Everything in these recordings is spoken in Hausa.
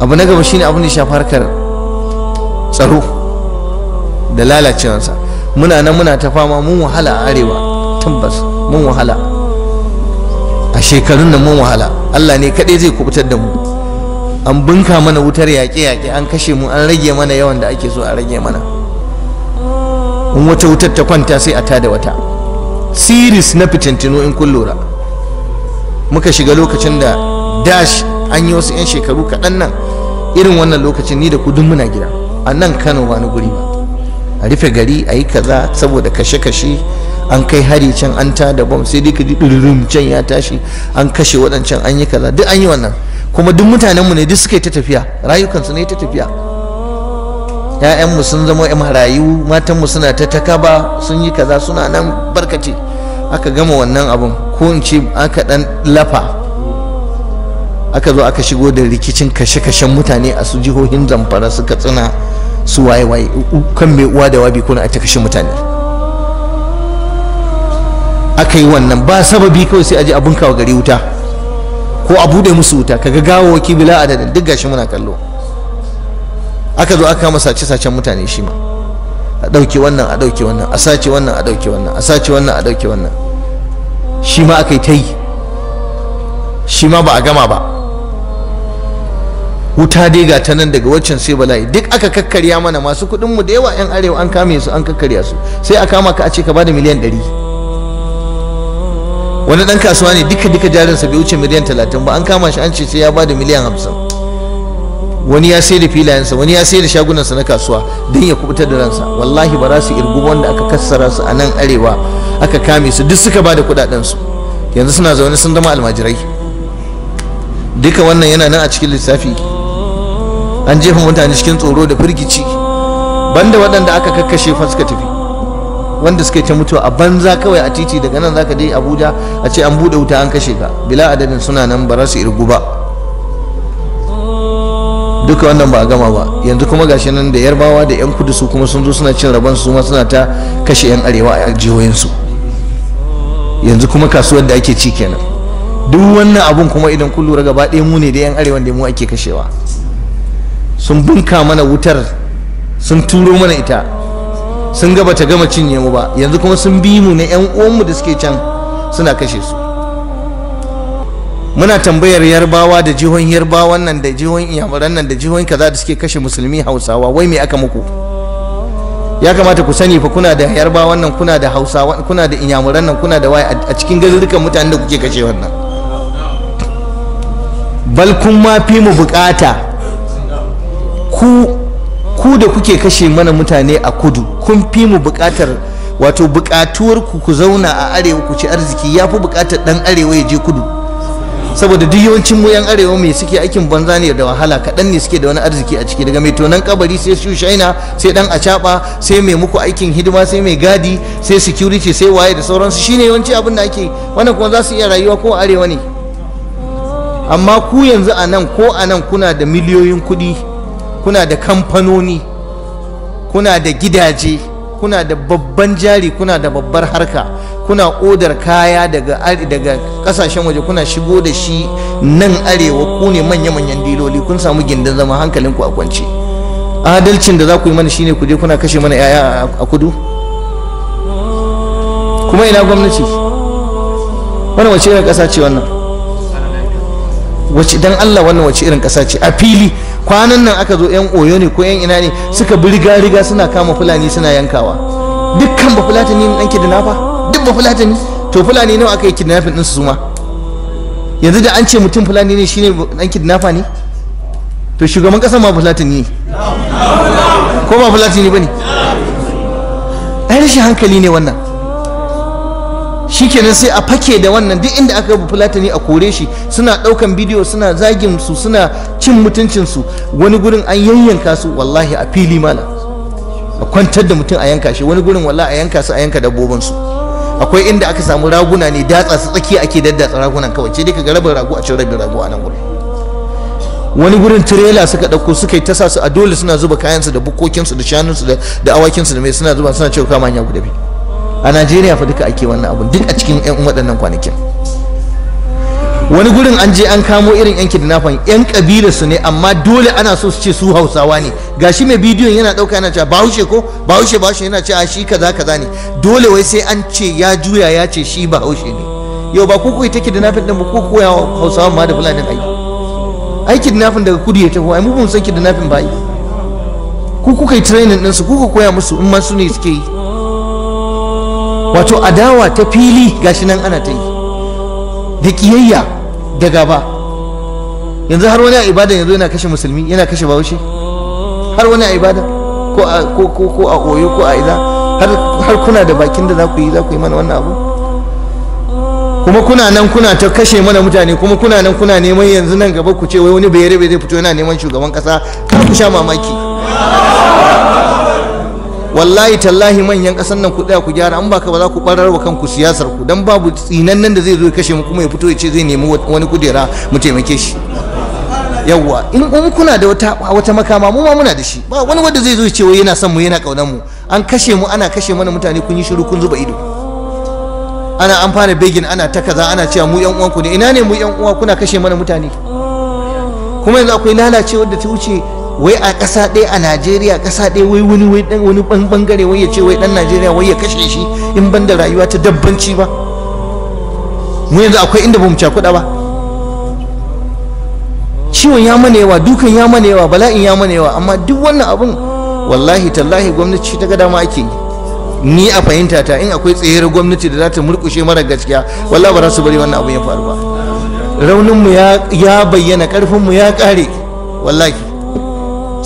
abu na gaba shine abin da shafi harkar tsaro da lalacewarsa muna nan muna ta fama mun wahala a arewa tabbas mun wahala a shekarun nan mun wahala Allah ne kaɗai zai kubutar da mu an bunka mana wutar yaƙe-yaƙe an kashe mu an rage mana yawan da ake so a rage mana in wata wutar ta kwanta sai a tada wata siris na fitintino in kun muka shiga lokacin da dash an yi wasu 'yan shekaru kaɗan nan irin wannan lokacin ni da ku duk muna gida a nan kano ba na guri ba a rufe gari a yi kaza saboda kashe-kashe an kai hari can an ta da bom sai dai ka ji can ya tashi an kashe waɗancan an yi kaza duk an yi wannan kuma duk mutanenmu ne duk suka yi ta tafiya rayukansu ne ta tafiya ‘ya'yanmu sun zama ‘yan marayu matanmu suna ta takaba sun yi kaza suna nan barkace aka gama wannan abun ko in ce aka ɗan lafa aka zo aka shigo da rikicin kashe-kashen mutane a su jihohin zamfara suka tsina su waye-waye kan mai uwa da wabi kuna a ta kashe mutane aka yi wannan ba sababi kawai sai a ji abin kawo gari wuta ko a bude musu wuta kaga gawo bila adadin duk gashi muna kallo aka zo aka kama sace-sacen mutane shi ma a ɗauke wannan a ɗauke wannan a sace wannan a ɗauke wannan a sace wannan a ɗauke wannan shi ma aka yi ta yi shi ma ba a gama ba wuta dai ga ta nan daga waccan sai bala'i duk aka kakkarya mana masu kuɗin mu da yawa yan arewa an kame su an kakkarya su sai a kama ka a ce ka bada miliyan ɗari wani ɗan kasuwa ne duka duka jarinsa bai wuce miliyan talatin ba an kama shi an ce sai ya bada miliyan hamsin wani ya sai da filayensa wani ya sai da shagunansa na kasuwa don ya kubutar da ransa wallahi ba za su irgu wanda aka kassara su a nan arewa aka kame su duk suka bada su yanzu suna zaune sun zama almajirai duka wannan yana nan a cikin lissafi an jefa mutane cikin tsoro da firgici banda waɗanda aka kakkashe fa suka tafi wanda suka ta mutuwa a banza kawai a titi daga nan zaka dai abuja a ce an buɗe wuta an kashe ka bila adadin suna nan ba za su irgu ba duka wannan ba a gama ba yanzu kuma gashi nan da yarbawa da yan kudu su kuma sun zo suna cin rabon su ma suna ta kashe yan arewa a jihohin su yanzu kuma kasuwar da ake ci kenan duk wannan abun kuma idan kullu lura gaba ɗaya mu ne da yan arewa da mu ake kashewa sun bunka mana wutar sun turo mana ita sun gaba ta gama cinye mu ba yanzu kuma sun bi mu na 'yan uwanmu da suke can suna kashe su muna tambayar yarbawa da jihohin yarbawan nan da jihohin iyamuran nan da jihohin kaza da suke kashe musulmi hausawa wai me aka muku ya kamata ku sani fa kuna da yarbawan nan kuna da hausawa kuna da iyamuran nan kuna da waye a cikin garurukan mutanen da kuke kashe wannan bal kun ma fi mu bukata ku ku da kuke kashe mana mutane a kudu kun fi mu buƙatar wato buƙatuwar ku ku zauna a arewa ku ci arziki ya fi buƙatar ɗan arewa ya je kudu saboda duk yawancin mu yan arewa mai suke aikin banza ne da wahala kaɗan ne suke da wani arziki a ciki daga mai tonan kabari sai su shaina sai a caɓa sai mai muku aikin hidima sai mai gadi sai security sai waye da sauransu shine yawanci abin da ake wannan kuma za su iya rayuwa ko arewa ne amma ku yanzu a nan ko a nan kuna da miliyoyin kuɗi kuna da kamfanoni kuna da gidaje kuna da babban jari kuna da babbar harka kuna odar kaya daga kasashen waje kuna shigo da shi nan arewa ku ne manya-manyan diloli kun samu gindin zama hankalinku a kwance adalcin da za ku yi mana shine ku je kuna kashe mana 'ya'ya a kudu kuma ina gwamnati wannan wace irin ƙasa ce wannan wace dan Allah wannan wace irin ƙasa ce a fili kwanan nan aka zo yan oyo ne ko yan ina ne suka bi riga riga suna kama fulani suna yankawa dukkan ba fulatani ne ɗanke da nafa duk ba fulatani to fulani nawa aka yi kidnapping din su ma yanzu da an ce mutum fulani ne shine da nafa ne to shugaban kasa ma fulatani ne ko ba fulatani bane ai rashin hankali ne wannan shikenan sai a fake da wannan duk inda aka ga fulatani a kore shi suna daukan bidiyo suna zagin su suna cin mutuncin su wani gurin an yayyanka su wallahi a fili mala a kwantar da mutum a yanka shi wani gurin wallahi a yanka su a yanka dabbobin su akwai inda aka samu raguna ne datsa su tsakiya ake daddatsa ragunan kawai ce dai ka ragu rabin rago a cin rabin rago a nan gurin wani gurin tirela suka dauko suka yi ta su a dole suna zuba kayan su da su da shanunsu da awakin su da mai suna zuba suna cewa kama hanya guda biyu a najeriya fa duka ake wannan abun duk a cikin yan waɗannan kwanakin wani gurin an je an kamo irin yan kidnapper yan kabila su ne amma dole ana so su ce su hausawa ne gashi mai bidiyon yana ɗauka yana cewa bahaushe ko bahaushe bahaushe yana cewa shi kaza kaza ne dole wai sai an ce ya juya ya ce shi bahaushe ne yau ba ku ku ita kidnapping din ku koya hausawa ma da fulani ai ai kidnapping daga kudu ya tafi ai mu ban san kidnapping ba ai ku kuka yi training din su ku koya musu in ma su ne suke yi wato adawa ta fili gashi nan ana ta yi da kiyayya da gaba yanzu har wani a ibada yanzu yana kashe musulmi yana kashe bahaushe har wani a ibada ko a ko ko ko a oyo ko a ina har har kuna da bakin da za ku yi za ku yi mana wannan abu kuma kuna nan kuna ta kashe mana mutane kuma kuna nan kuna neman yanzu nan gaba ku ce wai wani bai rabe zai fito yana neman shugaban kasa kar ku sha mamaki wallahi tallahi manyan ƙasar nan ku tsaya ku gyara an baka ba za ku barar wa kanku siyasar ku dan babu nan da zai zo ya kashe mu kuma ya fito ya ce zai nemi wani kudera mu taimake shi yawwa in kun kuna da wata wata makama mu ma muna da shi ba wani wanda zai zo ya ce wai yana son mu yana kaunar mu an kashe mu ana kashe mana mutane kun yi shiru kun zuba ido ana an fara begin ana ta kaza ana cewa mu yan uwanku ne ina ne mu yan uwa kuna kashe mana mutane kuma yanzu akwai lalacewar da ta wuce wai a ƙasa ɗaya a najeriya ƙasa ɗaya wai wani wai ɗan wani ɓangare wai ya ce wai ɗan najeriya wai ya kashe shi in ban da rayuwa ta dabbanci ba mu yanzu akwai inda ba mu cakuɗa ba ciwon ya mana yawa dukan ya mana yawa bala'in ya mana yawa amma duk wannan abun wallahi tallahi gwamnati ta ga dama ake yi ni a fahimta ta in akwai tsayar gwamnati da za ta murkushe mara gaskiya wallahi ba za su bari wannan abun ya faru ba rauninmu ya bayyana karfinmu ya kare wallahi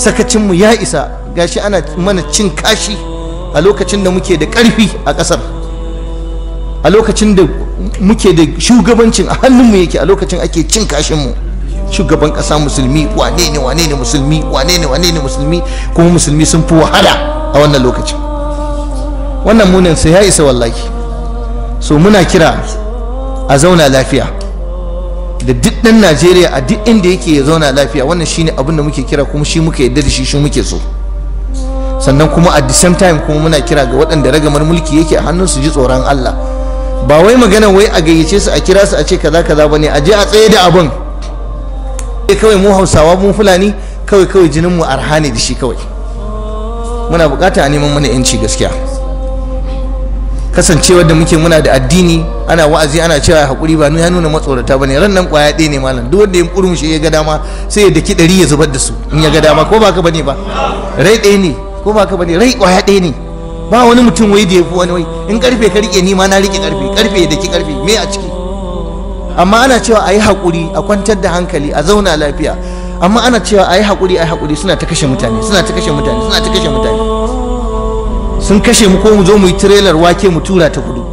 sakacinmu ya isa gashi ana mana cin kashi a lokacin da muke da karfi a ƙasar a lokacin da muke da shugabancin a hannunmu yake a lokacin ake cin kashinmu shugaban ƙasa musulmi wane ne wane ne musulmi wane ne wane ne musulmi kuma musulmi sun fi wahala a wannan lokacin wannan munansa ya isa wallahi so muna kira a zauna lafiya da duk ɗan najeriya a duk inda yake ya zauna lafiya wannan shine abin da muke kira kuma shi muke yadda da shi shi muke so sannan kuma at the same time kuma muna kira ga waɗanda ragamar mulki yake a hannun su ji tsoron Allah ba wai magana wai a gayyace su a kira su a ce kaza kaza bane a je a tsaye da abin kawai mu Hausawa mu Fulani kawai kawai jinin mu ne da shi kawai muna bukata a neman mana yanci gaskiya kasancewar da muke muna da addini ana wa'azi ana cewa hakuri ba ya nuna matsorata bane ran nan kwaya ɗaya ne malam duk wanda ya shi ya ga dama sai ya daki ɗari ya zubar da su in ya ga dama ko ba ka bane ba rai ɗaya ne ko ba ka bane rai kwaya ɗaya ne ba wani mutum wai da ya fi wani wai in karfe ka rike ni ma na rike karfe karfe ya daki karfe me a ciki amma ana cewa ayi hakuri a kwantar da hankali a zauna lafiya amma ana cewa ayi hakuri ayi hakuri suna ta kashe mutane suna ta kashe mutane suna ta kashe mutane sun kashe mu ko mu zo mu yi tirelar wake mu tura ta kudu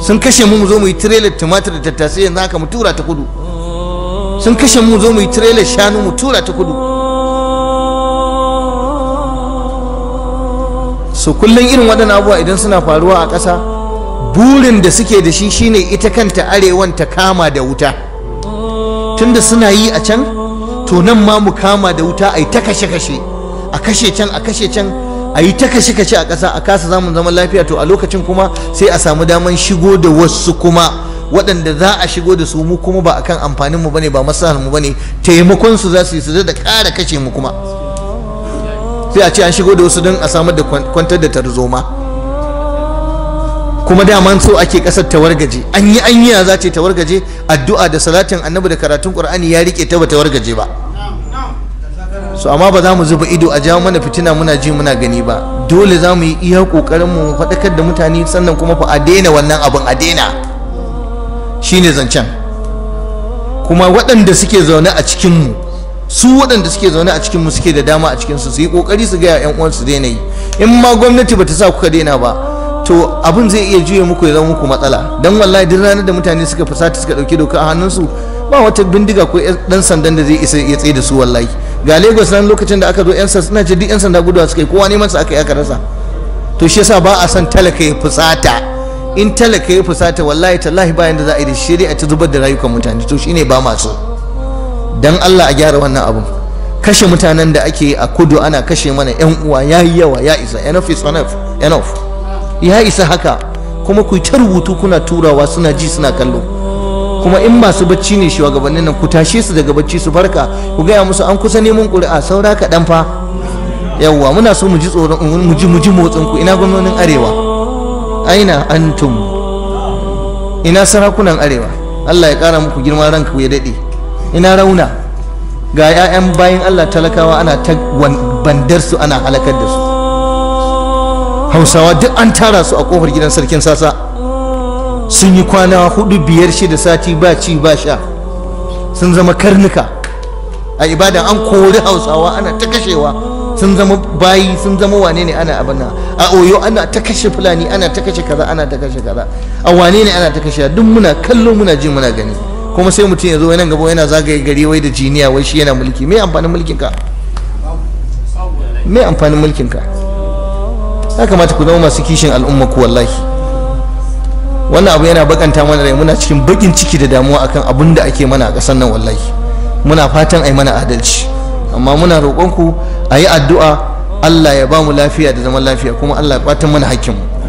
sun kashe mu mu zo mu yi tirelar tumatir da tattasai yanzu haka mu tura ta kudu sun kashe mu zo mu yi tirelar shanu mu tura ta kudu so kullum irin waɗannan abubuwa idan suna faruwa a ƙasa burin da suke da shi shine ita kanta arewan ta kama da wuta tunda suna yi a can to nan ma mu kama da wuta a yi ta kashe-kashe a kashe can a kashe can a yi ta kashe kashe a ƙasa a kasa zamun zaman lafiya to a lokacin kuma sai a samu daman shigo da wasu kuma waɗanda za a shigo da su mu kuma ba a kan amfanin mu bane ba maslahar mu bane taimakon su za su yi su da ƙara kashe mu kuma sai a ce an shigo da wasu don a samar da kwantar da tarzoma kuma daman so ake ƙasar tawargaje an yi anya za ce tawargaje addu'a da salatin annabi da karatun ƙur'ani ya rike ta ba tawargaje ba so amma ba za mu zuba ido a jawo mana fitina muna ji muna gani ba dole za mu yi iya kokarin mu faɗakar da mutane sannan kuma fa a daina wannan abin a daina shine zancen kuma waɗanda suke zaune a cikin mu su waɗanda suke zaune a cikin mu suke da dama a cikin su su yi kokari su ga yan uwansu daina yi in ma gwamnati bata sa kuka daina ba to abun zai iya juya muku ya zama muku matsala don wallahi duk ranar da mutane suka fusata suka dauki doka a hannunsu ba wata bindiga ko dan sandan da zai isa ya tsaye da su wallahi ga Lagos nan lokacin da aka zo yan sanda ce duk yan sanda guduwa suka yi kowa neman su aka yi aka rasa to shi yasa ba a san talaka ya fusata in talaka ya fusata wallahi tallahi bayan da za a yi da a ta zubar da rayukan mutane to shine ba masu dan Allah a gyara wannan abun kashe mutanen da ake a kudu ana kashe mana yan uwa yayi yawa ya isa enough is enough enough ya isa haka kuma ku ta rubutu kuna turawa suna ji suna kallo kuma in masu bacci ne shugabannin nan ku tashe su daga bacci su farka ku gaya musu an kusa neman ƙuri'a saura kaɗan fa yawwa muna so mu ji tsoron mu ji mu ji motsin ku ina gwamnonin arewa aina antum ina sarakunan arewa Allah ya ƙara muku girma ranka ya daɗe ina rauna ga 'ya'yan bayan Allah talakawa ana ta bandar su ana halakar da su hausawa duk an tara su a kofar gidan sarkin sasa sun yi kwana hudu biyar shida sati ba ci ba sha sun zama karnuka a ibada an kori hausawa ana ta kashewa sun zama bayi sun zama wane ne ana abana a oyo ana ta kashe fulani ana ta kashe kaza ana ta kashe kaza a wane ne ana ta kashe duk muna kallo muna ji muna gani kuma sai mutum ya zo nan gaba yana zagaye gari wai da jiniya wai shi yana mulki me amfanin mulkin ka me amfanin mulkin ka ya kamata ku zama masu kishin al'umma ku wallahi wannan abu yana bakanta mana rai muna cikin bakin ciki da damuwa akan abun da ake mana a ƙasar nan wallahi muna fatan ai mana adalci amma muna roƙonku a yi addu'a Allah ya ba mu lafiya da zaman lafiya kuma Allah ya ƙwatan mana mu.